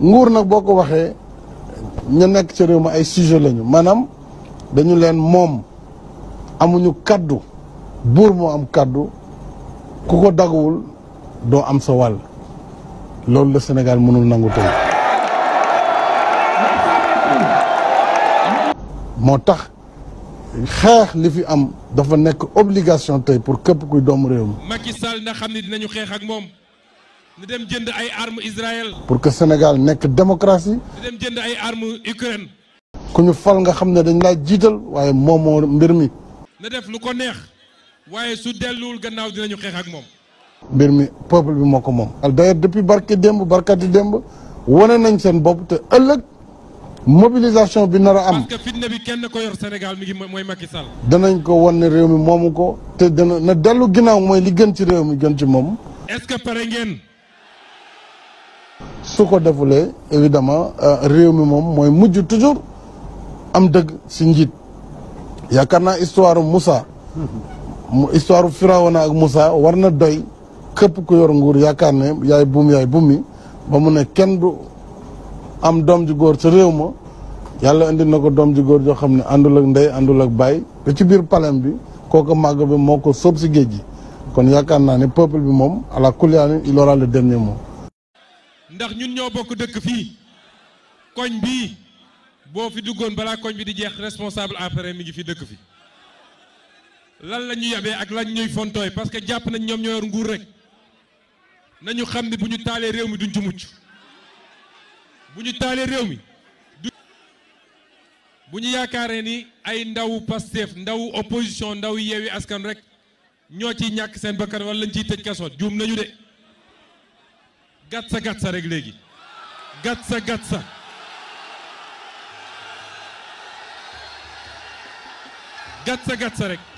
nguur nag boo ko waxee ñu nekk ci réew mi ay sujet lañu maanaam dañu leen moom amuñu kàddu buur moo am kàddu ku ko daguwul doo am sa wàll loolu la Sénégal mënul nangu tey moo tax xeex li fi am dafa nekk obligation tey pour képp kuy doomu réew mi. Macky Sall na xam ne dinañu xeex ak moom. ñu dem jënd ay armes Israël. pour que Sénégal nekk démocratie. ñu dem jënd ay Ukraine. ku ñu fal nga xam ne dañ laa jiital waaye moom moo mbir mi. na def lu ko neex waaye su delluwul gannaaw dinañu xeex ak moom. mbir mi peuple bi moo ko moom. d'ailleurs depuis barke démb barkati démb wane nañ seen bopp te ëllëg mobilisation bi nar a am. parce que fitna kenn ko yor Sénégal mi ngi mooy Macky Sall. danañ ko wan ne réew mi moomu ko te dana na dellu ginnaaw mooy li gën ci réew mi gën ci moom. est-ce que pare ngeen. su ko defulee évidemment euh, réew mi moom mooy mujj toujours am dëgg si njiit yaakaar naa histoire Moussa histoire Firawna ak mussa war na doy képp ku yor nguur yaakaar ne yaay buum yaay mi ba mu ne kenn du am doom ju góor sa réew ma yàlla indi na ko doom ju góor joo xam ne àndul ak ndey àndul ak baay ba ci biir palem bi kooku màgg bi moo ko sóob si géej gi kon yaakaar naa ne peuple bi moom à la kulyaani il aura le dernier mot ndax ñun ñoo bokk dëkk fii koñ bii boo fi duggoon balaa koñ bi di responsable mi ngi fi fi lan la ñu ak lan ñuy fontooy parce que jàpp nañ ñoom ñoo yor nguur rek nañu xam ne bu ñu réew mi duñ ci mucc bu ñu réew mi du bu ni ay ndawu Pastef ndawu opposition ndawu Askan rek ñoo ciy ñàkk seen bakkan wala lañ ciy tëj kaso juum nañu gatsa gatsa rek léegi gatsa gatsa gatsa gatsa rek